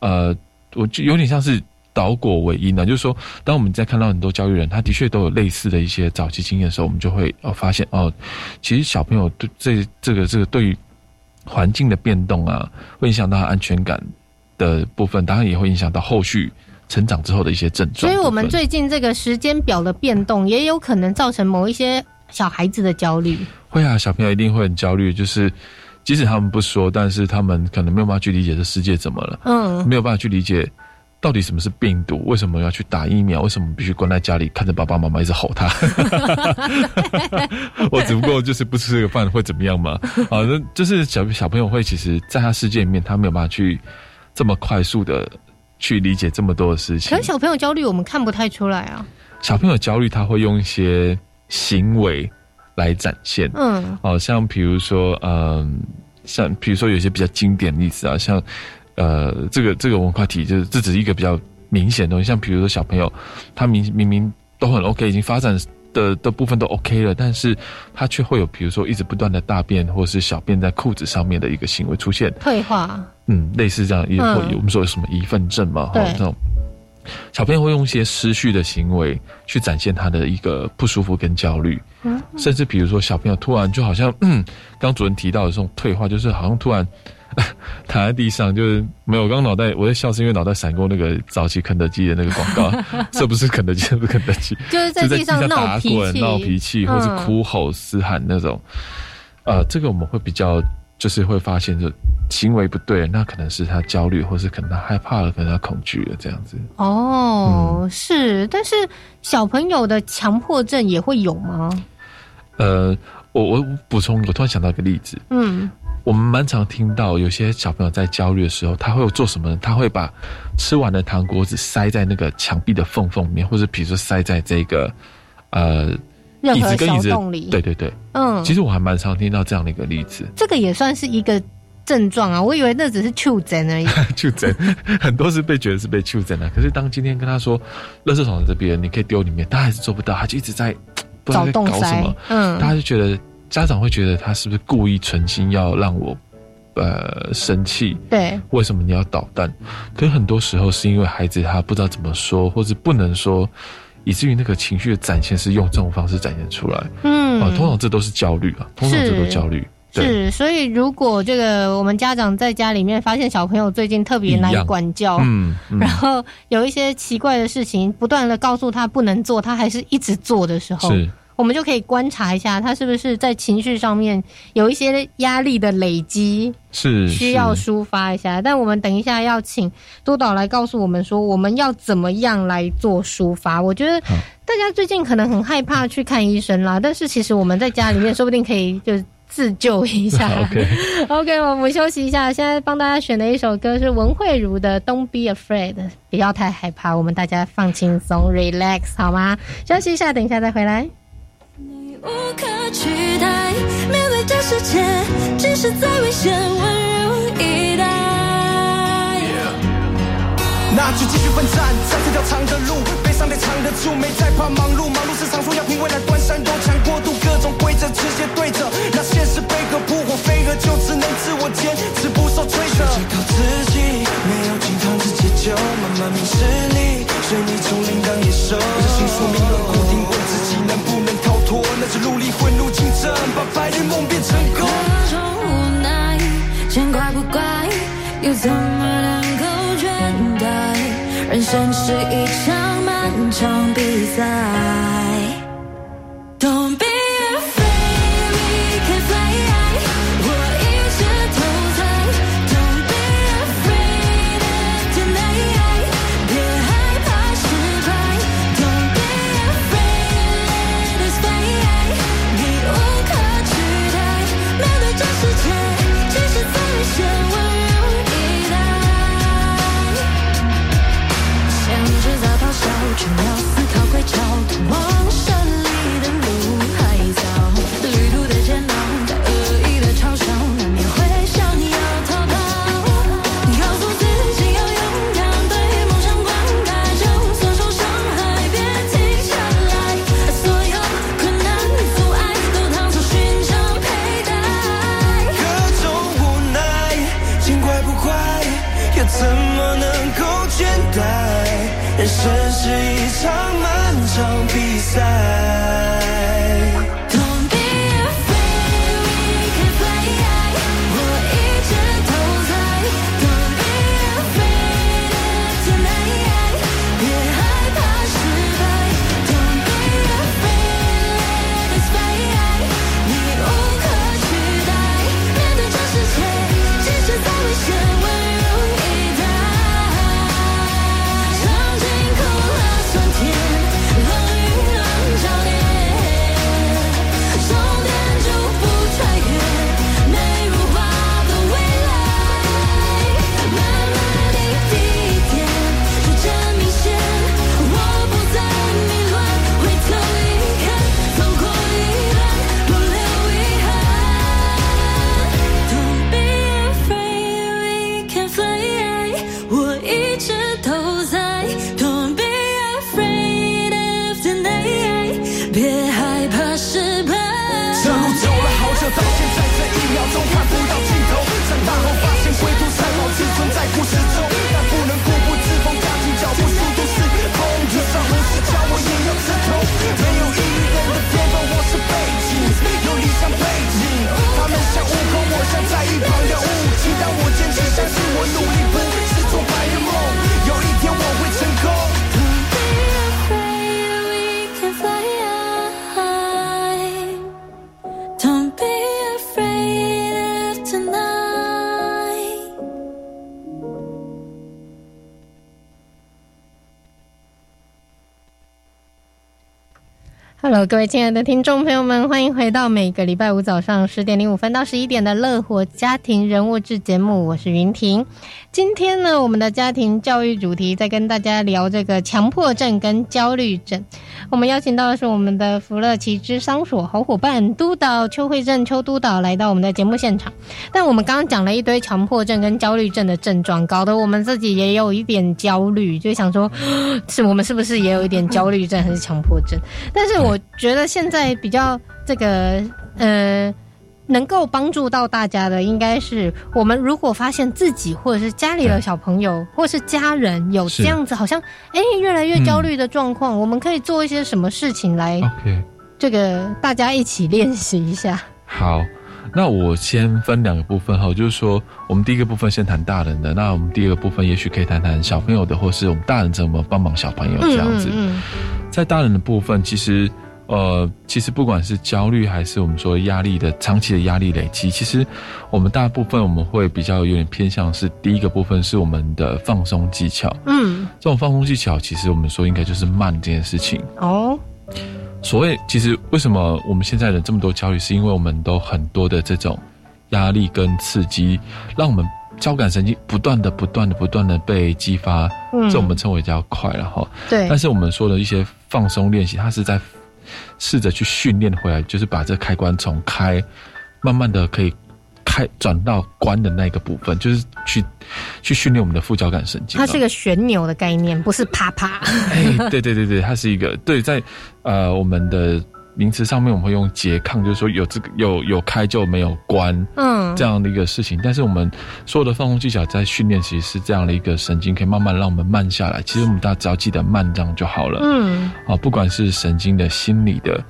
呃，我就有點像是。倒果為因呢，就是說，當我們在看到很多教育人，他的確都有類似的一些早期經驗的時候，我們就會哦發現哦，其實小朋友對這這個、這個、這個對於環境的變動啊，會影響到他安全感的部分，當然也會影響到後續成長之後的一些症狀。所以我們最近這個時間表的變動，也有可能造成某一些小孩子的焦慮。會啊，小朋友一定會很焦慮，就是即使他們不說，但是他們可能沒有辦法去理解這世界怎麼了，嗯，沒有辦法去理解。到底什麼是病毒？為什麼要去打疫苗？為什麼必須關在家裡看着爸爸媽媽一直吼他？我只不過就是不吃這個飯會怎麼樣嘛。啊， 那就是小小朋友會其實在他世界裡面，他沒有辦法去這麼快速的去理解這麼多的事情。可是小朋友焦慮，我們看不太出來啊。小朋友焦慮，他會用一些行為來展現。嗯，好，像比如說，嗯，像比如說有些比較經典例子啊，像。呃，這個這個文化體就是，這只是一個比較明顯的東西。像比如說，小朋友他明明明都很 OK，已經發展的的部分都 OK 了，但是他卻會有，比如說一直不斷的大便或者是小便在褲子上面的一個行為出現退化。嗯，類似這樣，有有、嗯、我們說的什麼遺糞症嘛？對、哦，這種小朋友會用一些失序的行為去展現他的一個不舒服跟焦慮。嗯，甚至比如說，小朋友突然就好像，嗯、剛,剛主任提到的這種退化，就是好像突然。躺在地上就是沒有，我剛腦袋我在笑，是因為腦袋閃過那個早期肯德基的那個廣告 這是，這不是肯德基，這不是肯德基，就是在地，就在地上打滾、鬧脾氣，脾氣嗯、或是哭吼、嘶喊那種。呃，這個我們會比較，就是會發現，就行為不對，那可能是他焦慮，或是可能他害怕了，可能他恐懼了，這樣子。哦，嗯、是，但是小朋友的強迫症也會有嗎？呃，我我補充，我突然想到一個例子，嗯。我們蠻常聽到有些小朋友在焦慮的時候，他會有做什麼呢？他會把吃完的糖果紙塞在那個牆壁的縫縫裡面，或者比如說塞在這個呃任何小椅子跟椅子洞裡。對對對，嗯。其實我還蠻常聽到這樣的一個例子。這個也算是一個症狀啊！我以為那只是臭疹而已。臭疹 很多是被覺得是被臭疹了，可是當今天跟他說垃圾桶這邊你可以丟裡面，他還是做不到，他就一直在不知道在搞什麼。找洞塞，嗯，他就覺得。家長會覺得他是不是故意存心要讓我，呃，生氣？對，為什麼你要搗蛋？可是很多時候是因為孩子他不知道怎麼說，或者不能說，以至於那個情緒的展現是用這種方式展現出來。嗯，啊，通常這都是焦慮啊，通常這都焦慮。是，對，是，所以如果這個我們家長在家裡面發現小朋友最近特別難管教，嗯，嗯，然後有一些奇怪的事情，不斷的告訴他不能做，他還是一直做的時候，是。我們就可以觀察一下，他是不是在情緒上面有一些壓力的累積，是需要抒發一下。但我們等一下要請督導來告訴我們說，我們要怎麼樣來做抒發。我覺得大家最近可能很害怕去看醫生啦，好但是其實我們在家裡面說不定可以就自救一下。 OK，OK，Okay、okay, 我們休息一下。現在幫大家選的一首歌是文慧如的《Don't Be Afraid》，不要太害怕，我們大家放輕鬆，Relax 好嗎？休息一下，等一下再回來。無可取代，面對這世界，即使再危險，溫柔以待。Yeah. 那就繼續奮戰，在這條長的路，悲傷得藏得住，沒再怕忙碌，忙碌是常說要拼未來，關山多長，過度各種規則直接對着，那現實飛蛾撲火，飛蛾就只能自我堅持，只不受摧折。只靠自己，沒有金自己，就慢慢迷失你，水泥叢林當野獸。努力混入競爭，把白日夢變成功。那種無奈，見怪不怪，又怎麼能夠倦怠？人生是一場漫長比賽。這是一場漫長比賽。各位親愛的聽眾朋友們，歡迎回到每個禮拜五早上十點零五分到十一點的《樂活家庭人物誌》節目，我是筠婷。今天呢，我們的家庭教育主題在跟大家聊這個強迫症跟焦慮症。我們邀請到的是我們的芙樂奇諮商所好伙伴督導邱惠振邱督導來到我們的節目現場。但我們剛剛講了一堆強迫症跟焦慮症的症狀，搞得我們自己也有一點焦慮，就想說，是我們是不是也有一點焦慮症還是強迫症？ 但是我。覺得現在比較這個呃，能夠幫助到大家的，應該是我們如果發現自己或者是家裡的小朋友或者是家人有這樣子，好像哎對越來越焦慮的狀況，嗯、我們可以做一些什麼事情來？這個大家一起練習一下。Okay. 好，那我先分兩個部分哈，就是說我們第一個部分先談大人的，那我們第二個部分也許可以談談小朋友的，或是我們大人怎麼幫忙小朋友這樣子。嗯嗯嗯。在大人的部分，其實。呃，其實不管是焦慮還是我們說壓力的長期的壓力累積，其實我們大部分我們會比較有點偏向是第一個部分是我們的放鬆技巧。嗯，這種放鬆技巧其實我們說應該就是慢這件事情哦。所以其實為什麼我們現在的這麼多焦慮，是因為我們都很多的這種壓力跟刺激，讓我們交感神經不斷的、不斷的、不斷的、不斷的被激發，嗯、這我們稱為叫快了，了哈。對。但是我們說的一些放鬆練習，它是在。試着去訓練回來，就是把這開關從開，慢慢的可以開轉到關的那個部分，就是去去訓練我們的副交感神經。它是一個旋鈕的概念，不是啪啪。哎、 欸，對對對對，它是一個對在呃我們的。名詞上面我們會用拮抗，就是說有這個有有開就沒有關，嗯，這樣的一個事情。但是我們所有的放鬆技巧在訓練，其實是這樣的一個神經，可以慢慢讓我們慢下來。其實我們大家只要記得慢這樣就好了，嗯。啊，不管是神經的心理的，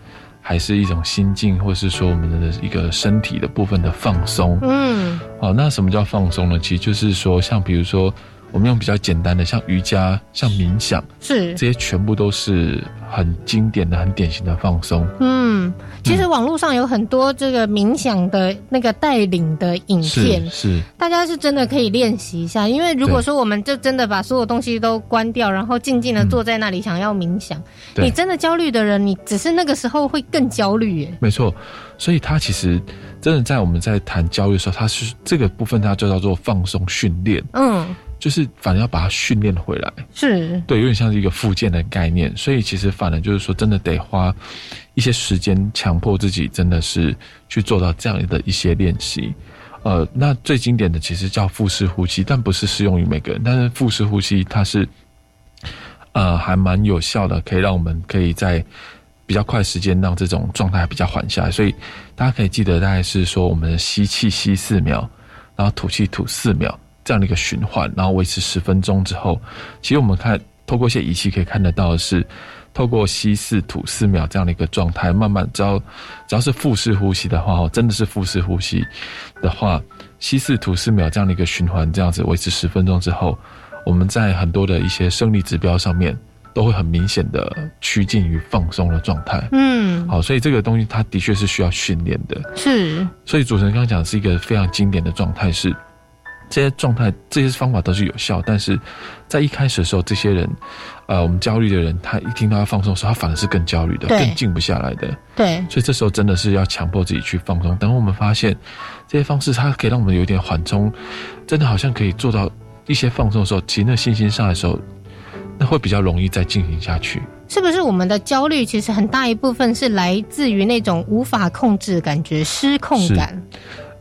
還是一種心境，或是說我們的一個身體的部分的放鬆，嗯。好，啊，那什麼叫放鬆呢？其實就是說，像比如說。我們用比較簡單的，像瑜伽、像冥想，是這些全部都是很經典的、很典型的放鬆。嗯，其實網絡上有很多這個冥想的那個帶領的影片，是，是大家是真的可以練習一下。因為如果說我們就真的把所有東西都關掉，對然後靜靜的坐在那裡想要冥想，嗯、你真的焦慮的人，你只是那個時候會更焦慮耶。沒錯，所以他其實真的在我們在談焦慮的時候，他是這個部分，他就叫做放鬆訓練。嗯。就是反正要把它訓練回來，是對，有點像是一個復健的概念，所以其實反而就是說，真的得花一些時間，強迫自己，真的是去做到這樣的一些練習。呃，那最經典的其實叫腹式呼吸，但不是適用於每個人，但是腹式呼吸它是呃還蠻有效的，可以讓我們可以在比較快時間讓這種狀態比較緩下來，所以大家可以記得，大概是說我們吸氣吸四秒，然後吐氣吐四秒，這樣的一個循環，然後維持十分鐘之後，其實我們看透過一些儀器可以看得到的是，透過吸四吐四秒這樣的一個狀態，慢慢只要只要是腹式呼吸的話，哦，真的是腹式呼吸的話，吸四吐四秒這樣的一個循環，這樣子維持十分鐘之後，我們在很多的一些生理指標上面都會很明顯的趨近於放鬆的狀態。嗯，好，所以這個東西它的確是需要訓練的。是，所以主持人剛剛講的是一個非常經典的狀態是。這些狀態、這些方法都是有效，但是在一開始的時候，這些人，呃，我們焦慮的人，他一聽到要放鬆的時候，他反而是更焦慮的，對更靜不下來的。對。所以這時候真的是要強迫自己去放鬆。等我們發現這些方式，它可以讓我們有點緩衝，真的好像可以做到一些放鬆的時候，其實那信心上的時候，那會比較容易再進行下去。是不是我們的焦慮其實很大一部分是來自於那種無法控制的感覺、失控感？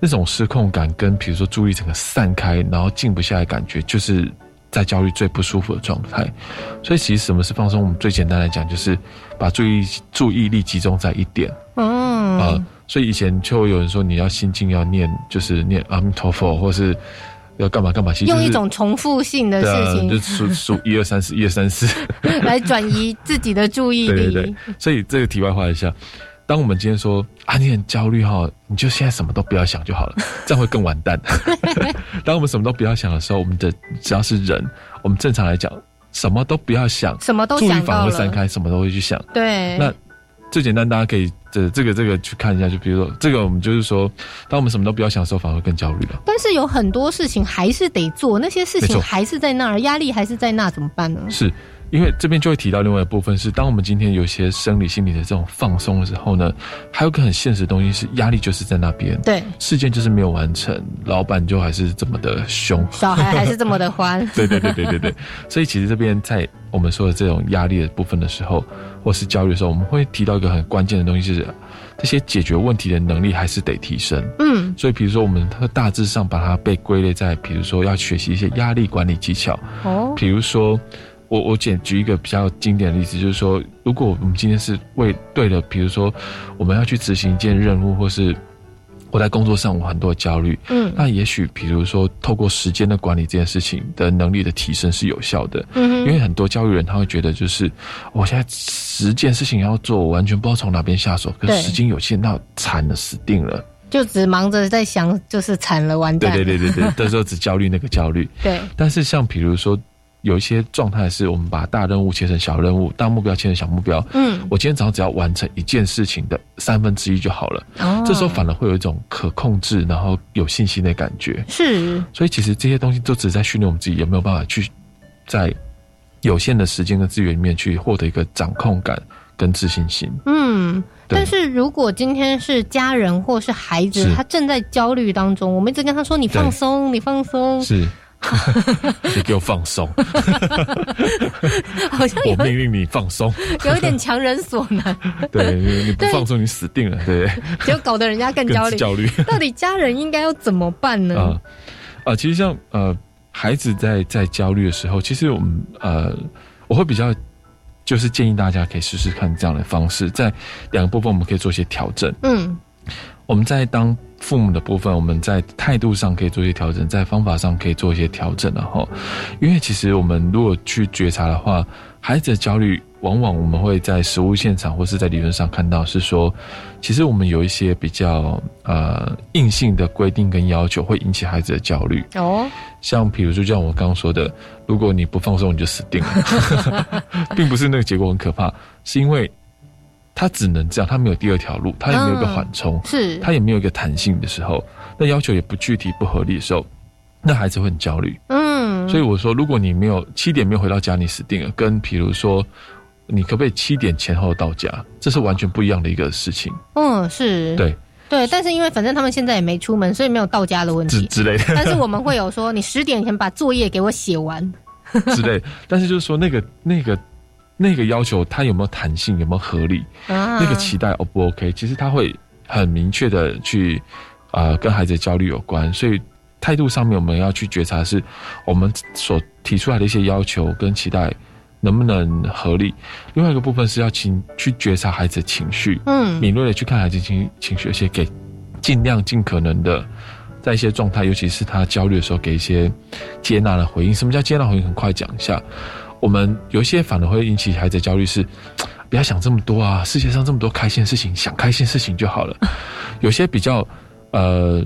那種失控感跟，比如說，注意力整個散開，然後靜不下來的感覺就是在焦慮最不舒服的狀態。所以，其實什麼是放鬆？我們最簡單來講，就是把注意注意力集中在一點。嗯。呃、啊，所以以前就有人說，你要心境，要念，就是念阿彌陀佛，或是要幹嘛幹嘛、就是。用一種重複性的事情，啊、就數數一二三四，一二三四， 來轉移自己的注意力。對,對,對。所以這個題外話一下。當我們今天說啊，你很焦慮哈、喔，你就現在什麼都不要想就好了， 這樣會更完蛋。 當我們什麼都不要想的時候，我們的只要是人，我們正常來講，什麼都不要想，什麼都想，注意力反而散開，什麼都會去想。對。那最簡單，大家可以這這個這個去看一下，就比如說這個，我們就是說，當我們什麼都不要想的時候，反而會更焦慮了。但是有很多事情還是得做，那些事情還是在那兒，壓力還是在那，怎麼辦呢？是。因為這邊就會提到另外一部分是，當我們今天有些生理心理的這種放鬆的時候呢，還有個很現實的東西是，壓力就是在那邊。對，事件就是沒有完成，老闆就還是這麼的兇，小孩還是這麼的歡。 對對對對對對，所以其實這邊在我們說的這種壓力的部分的時候，或是焦慮的時候，我們會提到一個很關鍵的東西是，這些解決問題的能力還是得提升。嗯，所以比如說我們大致上把它被歸類在，比如說要學習一些壓力管理技巧，哦，比如說。我我簡舉一個比較經典的例子，就是說，如果我們今天是為對了，比如說我們要去執行一件任務，或是我在工作上我很多的焦慮，嗯，那也許比如說透過時間的管理這件事情的能力的提升是有效的，嗯哼，因為很多焦慮人他會覺得就是我、哦、現在十件事情要做，我完全不知道從哪邊下手，對可是時間有限，那慘了死定了，就只忙着在想，就是慘了，完蛋對對對對對，到時候只焦慮那個焦慮， 對，但是像比如說。有一些狀態是我們把大任務切成小任務，大目標切成小目標。嗯，我今天早上只要完成一件事情的三分之一就好了。哦，這時候反而會有一種可控制，然後有信心的感覺。是，所以其實這些東西都只是在訓練我們自己有沒有辦法去在有限的時間跟資源裡面去獲得一個掌控感跟自信心。嗯，對但是如果今天是家人或是孩子，是他正在焦慮當中，我們一直跟他說：“你放鬆，對你放鬆。”是。 你給我放鬆， 好像有我命令你放鬆， 有一點強人所難。 對，你不放鬆對你死定了。對，結果搞得人家更焦慮。焦慮 到底家人應該要怎麼辦呢？啊啊、嗯呃，其實像呃孩子在在焦慮的時候，其實我們呃我會比較就是建議大家可以試試看這樣的方式，在兩個部分我們可以做一些調整。嗯。我們在當父母的部分，我們在態度上可以做一些調整，在方法上可以做一些調整然後，因為其實我們如果去覺察的話，孩子的焦慮，往往我們會在實務現場或是在理論上看到，是說，其實我們有一些比較呃硬性的規定跟要求，會引起孩子的焦慮。哦，oh. 像比如就像我剛剛說的，如果你不放鬆，你就死定了， 並不是那個結果很可怕，是因為。他只能這樣，他沒有第二條路，他也沒有一個緩衝、嗯，是，他也沒有一個彈性的時候。那要求也不具體、不合理的時候，那孩子會很焦慮。嗯，所以我說，如果你沒有，七點沒有回到家，你死定了。跟比如說，你可不可以七點前後到家，這是完全不一樣的一個事情。嗯，是，對，對。但是因為反正他們現在也沒出門，所以沒有到家的問題之類的。 但是我們會有說，你十點前把作業給我寫完 之類。但是就是說那個那個。那個要求他有沒有彈性，有沒有合理？Uh huh. 那個期待 O、oh, 不 OK？其實他會很明確的去啊、呃，跟孩子的焦慮有關，所以態度上面我們要去覺察，是我們所提出來的一些要求跟期待能不能合理？另外一個部分是要請去覺察孩子的情緒，嗯、uh，huh. 敏銳的去看孩子情情緒，而且給儘量盡可能的在一些狀態，尤其是他焦慮的時候，給一些接納的回應。什麼叫接納回應？很快講一下。我們有一些反而會引起孩子的焦慮，是不要想這麼多啊！世界上這麼多開心的事情，想開心事情就好了。 有些比較呃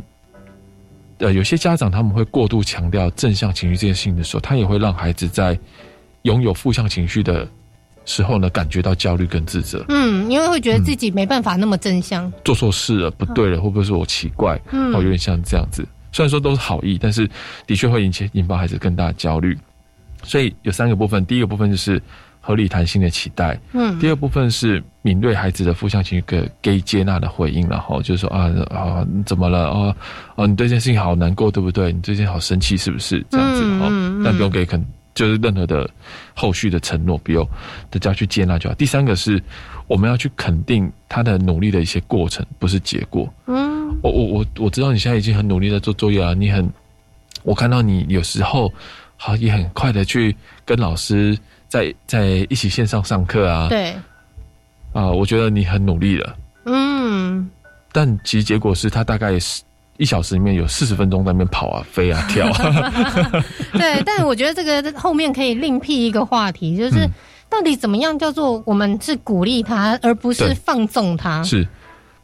呃，有些家長他們會過度強調正向情緒這件事情的時候，他也會讓孩子在擁有負向情緒的時候呢，感覺到焦慮跟自責。嗯，因為會覺得自己、嗯、沒辦法那麼正向，做錯事了不對了，會不會是我奇怪？嗯，我、哦、有點像這樣子。雖然說都是好意，但是的確會引起引發孩子更大的焦慮。所以有三個部分，第一個部分就是合理、彈性的期待，嗯，第二部分是敏銳孩子的負向情緒給給接納的回應，然後就是說啊啊，你怎麼了啊？啊，你，啊啊你對這件事情好難過，對不對？你最近好生氣，是不是這樣子？哈、嗯，嗯、但不用給肯，就是任何的後續的承諾，不用大家去接納就好。第三個是，我們要去肯定他的努力的一些過程，不是結果。嗯，我我我我知道你現在已經很努力在做作業了，你很，我看到你有時候。好，也很快的去跟老師在在一起線上上課啊。對。啊、呃，我覺得你很努力了。嗯。但其實結果是他大概一小時裡面有四十分鐘在那邊跑啊、飛啊、跳啊。 對，但我覺得這個後面可以另闢一個話題，就是到底怎麼樣叫做我們是鼓勵他，而不是放縱他。是。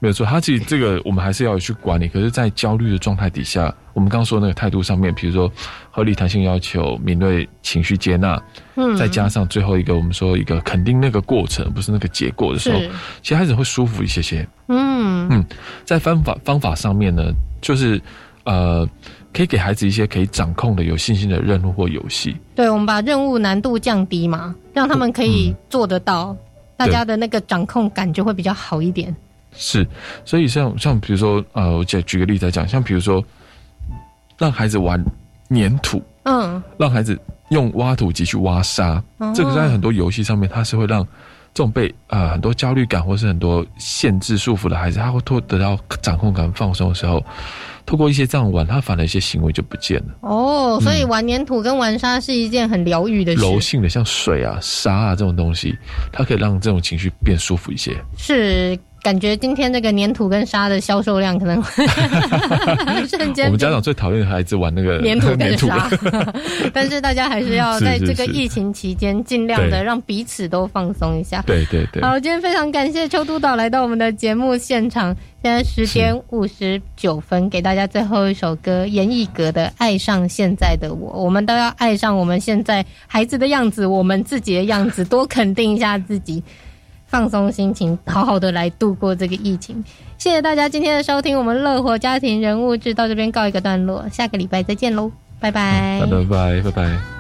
沒有錯，他自己這個我們還是要去管理。可是，在焦慮的狀態底下，我們剛剛說的那個態度上面，比如說合理彈性要求、敏銳情緒接納，嗯，再加上最後一個，我們說一個肯定那個過程，不是那個結果的時候，是其實孩子會舒服一些些。嗯嗯，在方法方法上面呢，就是呃，可以給孩子一些可以掌控的、有信心的任務或遊戲。對，我們把任務難度降低嘛，讓他們可以做得到，哦嗯、大家的那個掌控感就會比較好一點。是，所以像像比如說，呃、啊，我舉舉個例子來講，像比如說，讓孩子玩粘土，嗯，讓孩子用挖土機去挖沙，哦、這個在很多遊戲上面，它是會讓這種被呃很多焦慮感或是很多限制束縛的孩子，他會透得到掌控感放鬆的時候，透過一些這樣玩他反而一些行為就不見了。哦，所以玩粘土跟玩沙是一件很療癒的事，嗯。柔性的，像水啊、沙啊這種東西，它可以讓這種情緒變舒服一些。是。感覺今天這個粘土跟沙的銷售量可能會瞬間。我們家長最討厭孩子玩那個粘土跟沙， 但是大家還是要在這個疫情期間盡量的讓彼此都放鬆一下。對對對，對。好，今天非常感謝邱督導來到我們的節目現場。現在十點五十九分，是給大家最後一首歌，閻奕格的《愛上現在的我》。我們都要愛上我們現在孩子的樣子，我們自己的樣子，多肯定一下自己。放鬆心情，好好的來度過這個疫情。謝謝大家今天的收聽，我們《樂活家庭人物誌》到這邊告一個段落，下個禮拜再見嘍，拜拜，拜拜，拜拜拜拜。